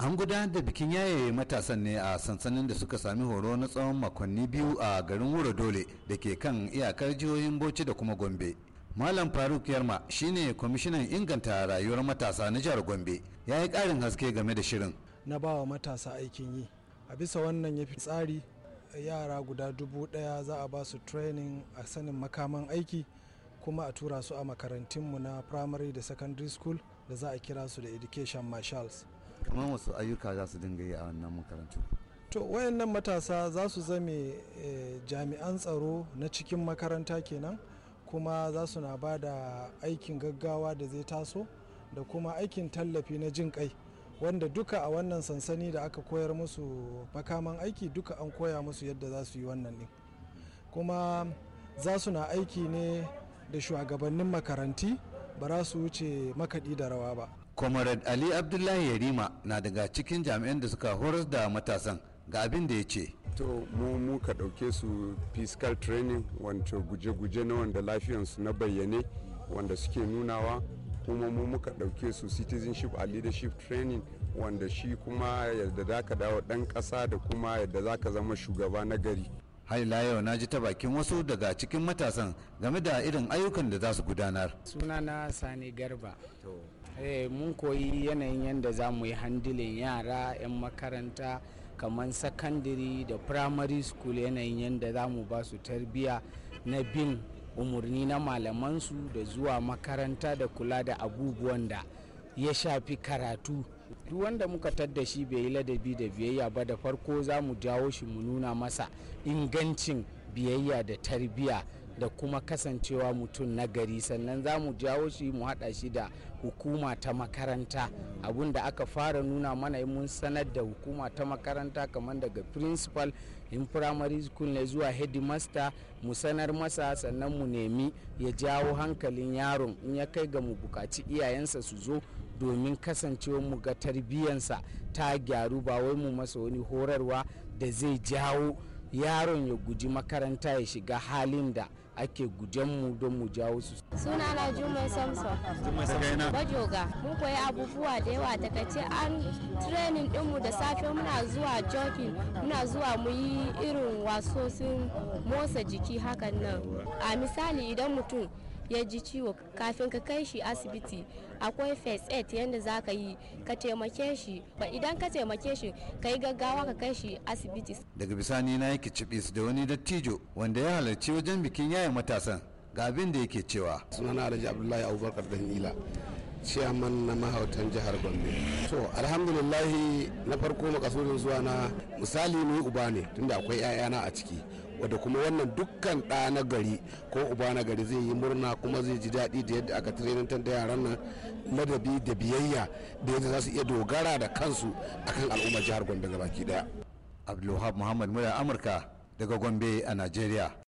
an gudanar da bikin yaye matasan ne a sansanin da suka sami horo na tsawon makonni biyu a garin wuro dole da ke kan iyakar jihohin bauchi da kuma gombe malam faruk yarma shine kwamishinan inganta rayuwar matasa na jihar gombe ya yi karin haske game da shirin na ba wa matasa aikin yi a bisa wannan ya fi tsari yara guda dubu daya za a ba su training a sanin makaman aiki kuma a tura su a makarantunmu na primary da secondary school da za a kira su da education marshals kamar wasu ayyuka za su dinga yi a wannan makarantu to wayannan matasa za su zame eh, jami'an tsaro na cikin makaranta kenan kuma za su na ba da aikin gaggawa da zai taso da kuma aikin tallafi na jin kai wanda duka a wannan sansani da aka koyar musu makaman aiki duka an koya musu yadda za su yi wannan ne kuma za su na aiki ne da shugabannin makaranti ba za su wuce makaɗi da rawa ba. Comrade Ali Abdullahi Yarima na daga cikin jami'an da suka horas da matasan ga abin da ya ce. To mu muka ɗauke su physical training wanda guje-guje na wanda lafiyansu na bayyane wanda suke nunawa kuma mu muka ɗauke su citizenship a leadership training wanda shi kuma yadda za ka dawo ɗan ƙasa da kuma yadda za ka zama shugaba na gari. har yau na ji ta bakin wasu daga cikin matasan game da irin ayyukan da za su gudanar sunana sani garba eh, mun koyi yanayin yadda za mu yi handilin yara 'yan makaranta kamar sakandiri da primary school yanayin yadda za mu ba su tarbiya na bin umarni na malamansu da zuwa makaranta da kula da abubuwan da ya shafi karatu duk wanda muka tadda shi bai yi ladabi da biyayya ba da farko za mu jawo shi mu nuna masa ingancin biyayya da tarbiyya da kuma kasancewa mutum nagari sannan za mu jawo shi mu hada shi da hukuma ta makaranta abun da aka fara nuna mana mun sanar da hukuma ta makaranta kamar daga principal in primary school ne zuwa headmaster mu sanar masa sannan mu nemi ya jawo hankalin yaron in ya kai ga mu bukaci iyayensa su zo domin kasancewa mu ga tarbiyyansa ta gyaru ba wai mu masa wani horarwa da zai jawo yaron ya guji makaranta ya shiga halin da ake gujen mu don mu jawo su. Suna na Jumai Samson. Bajoga. Mun koyi abubuwa da yawa daga ce an trenin dinmu da safe muna zuwa jogging muna zuwa mu yi irin wasosin motsa jiki hakan nan. A misali idan mutum ya ji ciwo kafin ka kai shi asibiti akwai first aid yadda za ka yi ka taimake shi idan ka taimake shi ka yi gaggawa ka kai shi asibiti daga bisani na yi kicibis da wani dattijo wanda ya halarci wajen bikin yayin matasan ga abin da yake cewa sunana alhaji abdullahi abubakar dan ila ciyaman na mahautan jihar gombe to alhamdulillahi na farko makasudin zuwa na misali ni uba ne tunda akwai 'ya'yana a ciki wadda kuma wannan dukkan ɗa na gari ko uba na gari zai yi murna kuma zai ji daɗi da yadda aka tirinantar da yaran nan ladabi da biyayya da yadda za su iya dogara da kansu akan al'ummar jihar gombe gabaki ɗaya abdulwahab muhammad murya amurka daga gombe a najeriya